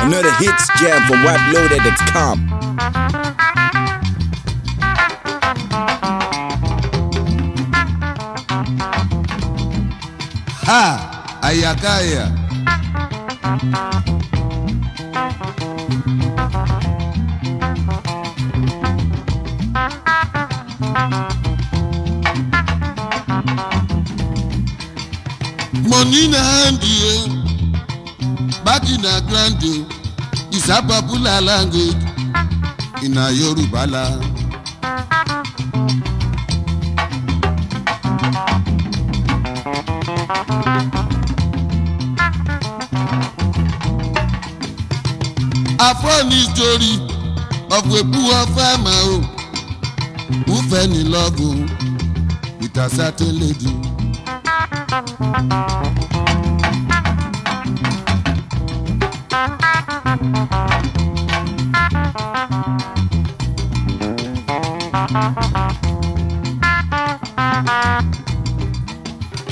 Another hits jam from WebLoaded.com. Ha! Ayakaya! Money na hand you, eh. back na eh. is a popular language eh. in a Yoruba land. A funny story of a oh. Ufe ni love with a certain lady.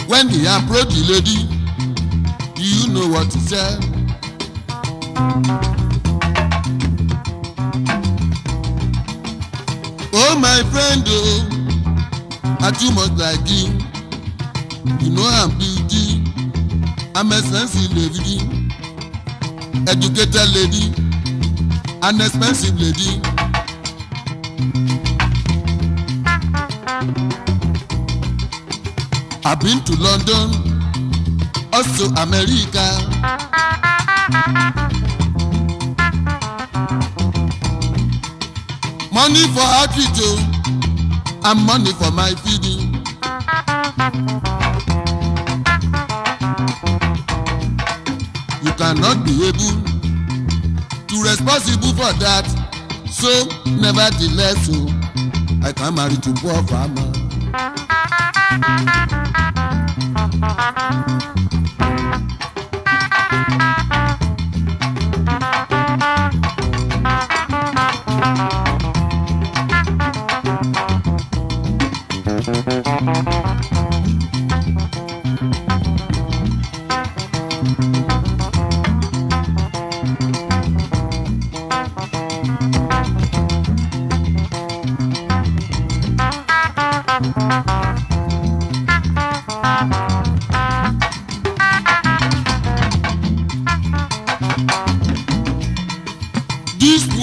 When he approached the lady, do you know what he said. Oh, my friend, oh, I too much like you. You know I'm beauty. I'm a sensitive lady, educated lady, an expensive lady. I've been to London, also America. money for outreach oh. and money for my feeding. You cannot be able to responsible for that so nevertheless So oh. I can marry to poor farmer.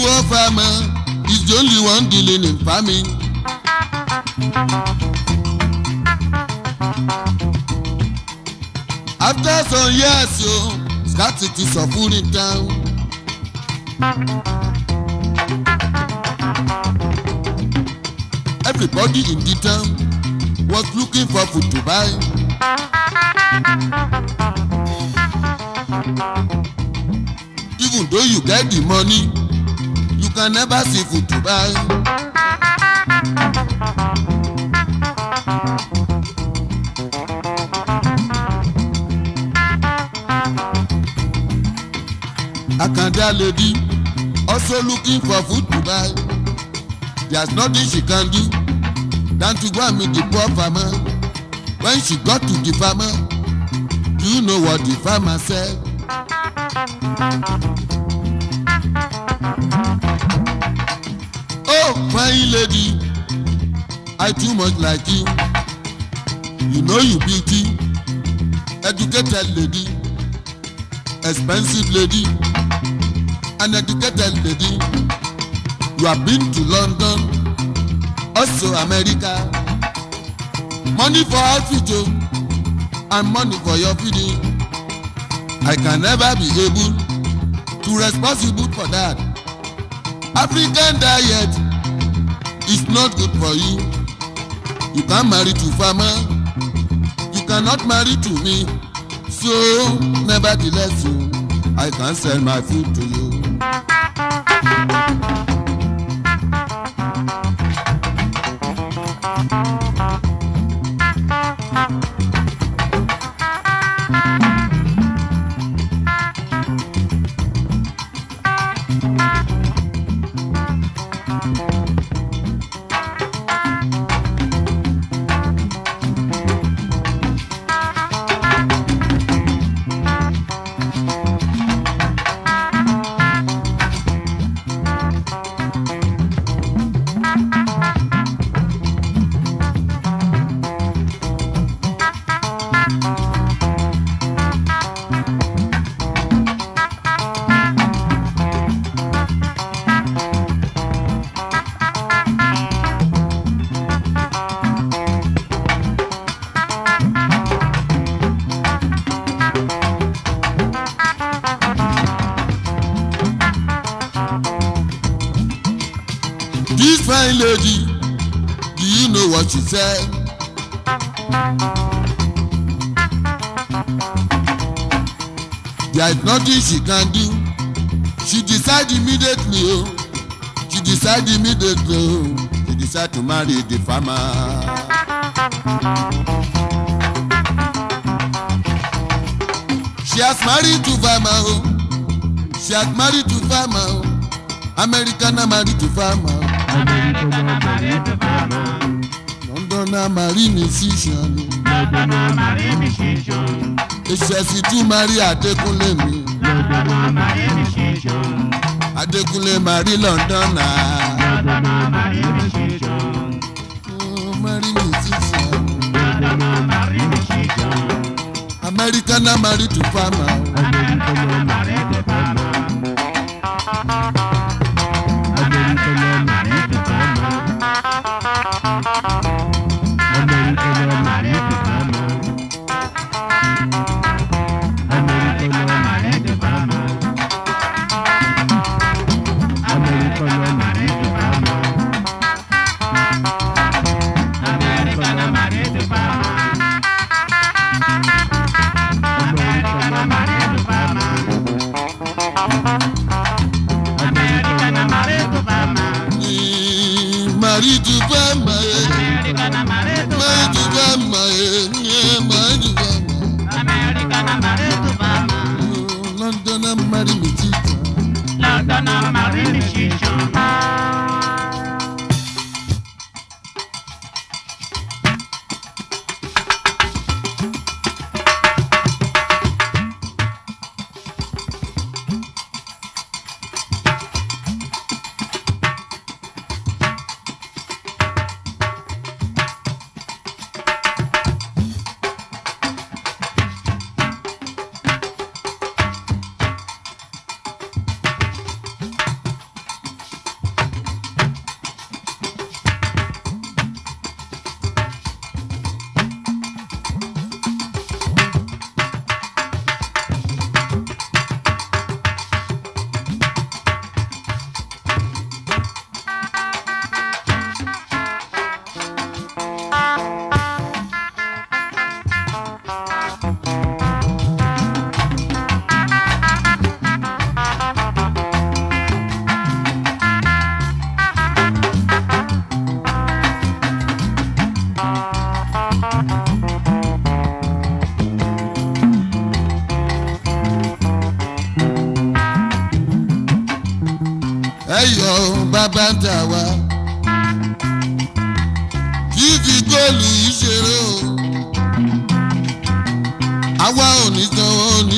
poor farmer is the only one dealing in farming. After some years yo scarcity sọ̀kú ní town. Everybody in the town was looking for food to buy. Even though you get the money can never see food to buy. Akanda lady also looking for food to buy. There's nothing she can do than to go and meet the poor farmer. When she got to the farmer, do you know what the farmer said? fine lady i too much like you you know you beauty educated lady expensive lady an educated lady you have been to london also america money for outfit o oh, and money for your feeding i can never be able to responsible for that african diet It's not good for you. You can't marry to farmer. You cannot marry to me. So, nevertheless, you, oh, I can sell my food to you. ṣiṣẹ́. There is nothing she can do. She decide immediately o. Oh. She decide immediately o. Oh. She decide to marry the farmer. She has married to farmer o. Oh. She has married to farmer o. American na married to farmer. American na married to farmer. Lagona marine decision. Lagona marine decision. Ìṣẹ̀sì tí Mari Adékúnlé mi. Lagona marine decision. Adékúnlé Mari London na. Lagona marine decision. Oh, marine decision. Lagona marine decision. Americana marine to farmer. Americana marine. yìí fi góòlù yìí ṣeré o àwa ò ní sanwó ni.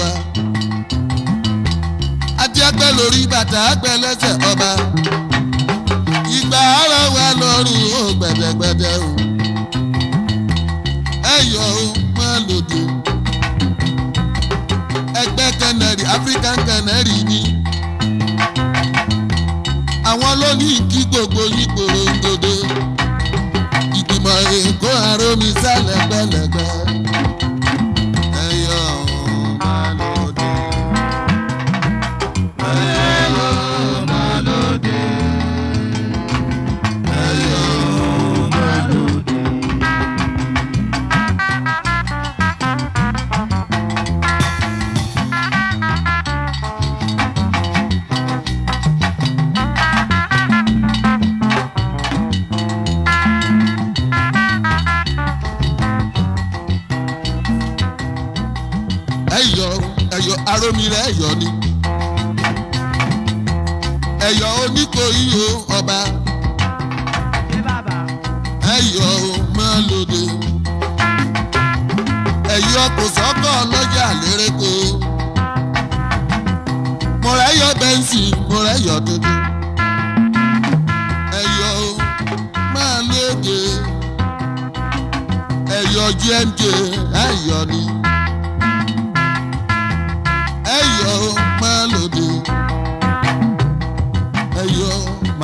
wa. Ajé pẹ́ lórí bàtà pẹ́ lẹsẹ ọba. Ìgbà ara wa lọ́rùn ó gbẹ̀dẹ̀gbẹ̀dẹ̀ o. Ẹyọ̀ o lòdì. Ẹgbẹ́ Canary African Canary ni. Àwọn ló ní kí gbogbo gbòòrò ń dodo. Ìgbìmọ̀ Èkó sálẹ̀ lómi rẹ̀ yọ ni. ẹ̀yọ̀ oníkòyí o ọba. ẹ̀yọ̀ o máa lòdì. ẹ̀yọ̀ kò sọ́kọ̀ lọ́jà lérèkó. mo rẹ̀ yọ bẹ́ńsì mo rẹ̀ yọ dúdú. ẹ̀yọ̀ o máa lòdì. ẹ̀yọ̀ ni.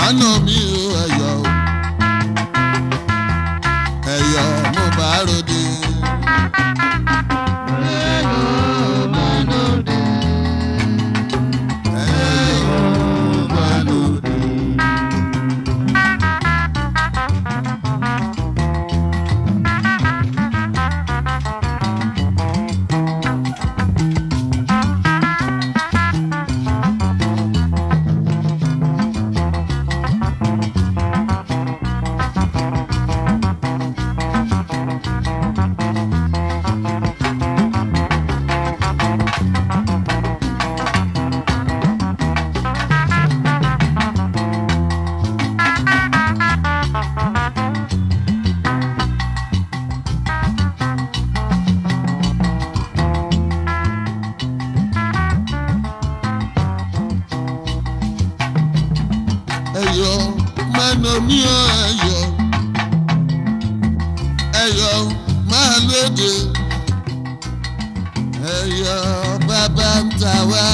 I know you. ẹnu mi ò ẹ̀yọ̀ ẹ̀yọ̀ máa lóde ẹ̀yọ̀ bàbá ń ta wá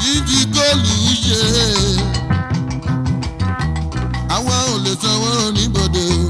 dídí góòlù ṣe àwọn ò sanwó oníbodè o.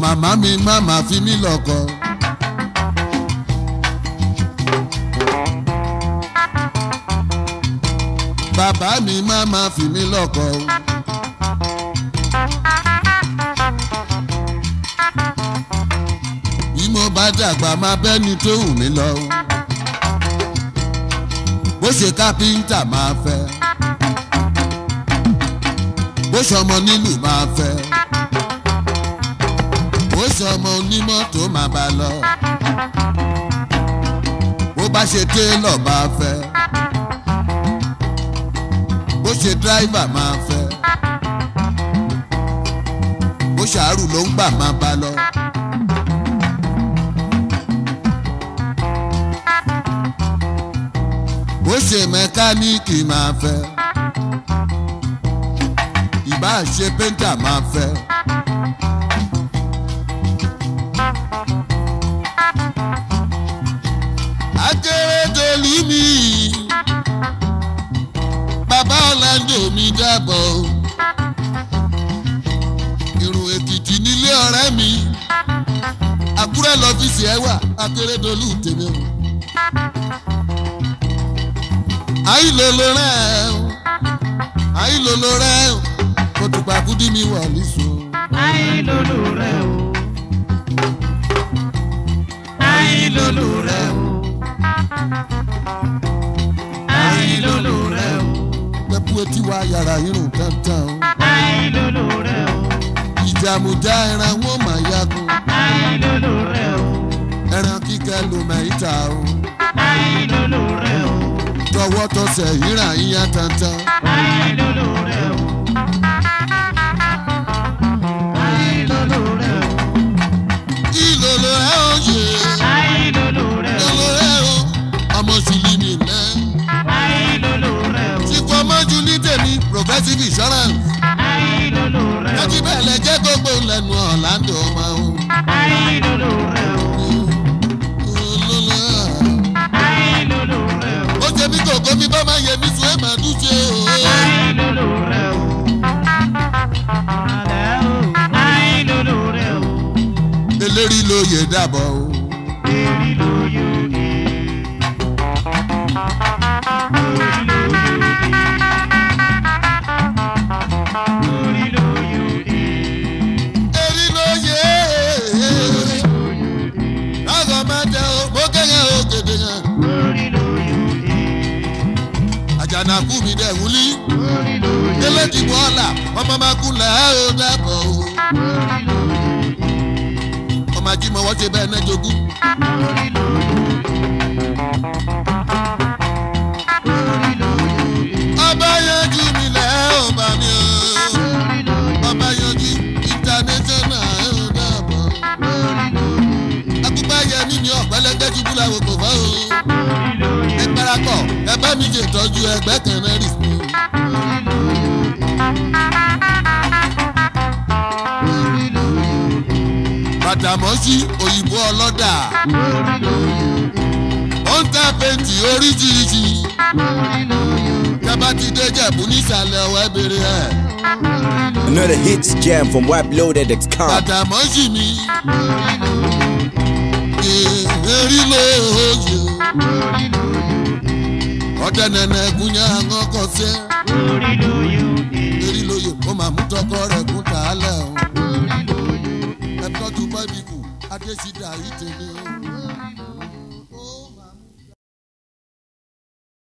màmá mi má má fi mí lọ́kọ. bàbá mi má má fi mí lọ́kọ. bí mo bá dàgbà máa bẹ́ni tó wù mí lọ. bó ṣe kápẹ́ńtà máa fẹ́ bó ṣọmọ nílùú máa fẹ́ aṣọ ọmọ onímọ́tò máa bá lọ. bó bá ṣe télọ̀ máa fẹ́ bó ṣe dráìvà máa fẹ́ bó ṣàárù ló ń gbà máa bá lọ. bó ṣe mẹkáníìkì máa fẹ́ ìbá ṣe péńtà máa fẹ́. pẹ̀lú mi bàbá ọ̀làjò mi dàbọ̀ ìrùn èkìtì nílé ọ̀rẹ́ mi àkúrẹ́ lọ́fíìsì ẹ̀ wà akérèdọ́lù tèmi o àìlòlò rẹ̀ àìlòlò rẹ̀ kò tùpà kúdí mi wà nísùn. àìlòlò rẹ̀ o àìlòlò rẹ̀ o àìlólù rẹ o. pẹ̀pù etí wa yàrá irun tantan o. àìlólù rẹ o. ìjàmùjá ẹran wọn máa yàgò. àìlólù rẹ o. ẹran kíkẹ́ ló mẹ́ ìta o. àìlólù rẹ o. tọwọ́ tọsẹ̀ ìrà yíyan tantan. àìlólù rẹ o. tv insurance. láti bẹ́ẹ̀ lẹ jẹ́ gbogbo lẹ́nu ọ̀làǹdó máa ń. ó ṣe mí kòkó mi bá máa yẹ mí sùn ẹ̀ máa dùn ṣe o. eléri lóye dàbọ̀ o. nàkú mi dẹ̀ wúlí. délé dìbò ọ̀la ọmọ máa kú lẹ́ẹ̀ ó dẹ́kọ̀ o. ọmọ ajímọ̀ wọ́n ṣe bẹ́ẹ̀ náà jogún. ọba yanjú mi lẹ́ ọba mi o. ọba yanjú international ó dẹ́kọ̀. akúgbáyẹmí ni ọ̀pẹ́lẹ́gbẹ́jú búláwò kò fọ́ o darapọ̀ ẹ bá mi ẹgbẹ́ kan bàtàmọ́sí òyìnbó ọlọ́dà ó ń oríṣiríṣi tábà jẹ̀bú nísàlẹ̀ ọ̀wẹ́ bèrè ẹ̀. Another hits jam from wipeloaded.com. Bàtàmọ́sí mi èrí lóòjò ọdẹ nẹnẹ gúnyà ọkọ sí ẹ. orí lóyò dé. orí lóyò ó máa mú tọkọ rẹ kún tàálẹ̀ o. orí lóyò dé. ẹ tọ́jú báyìí kù adésídà ìtẹ̀lé o.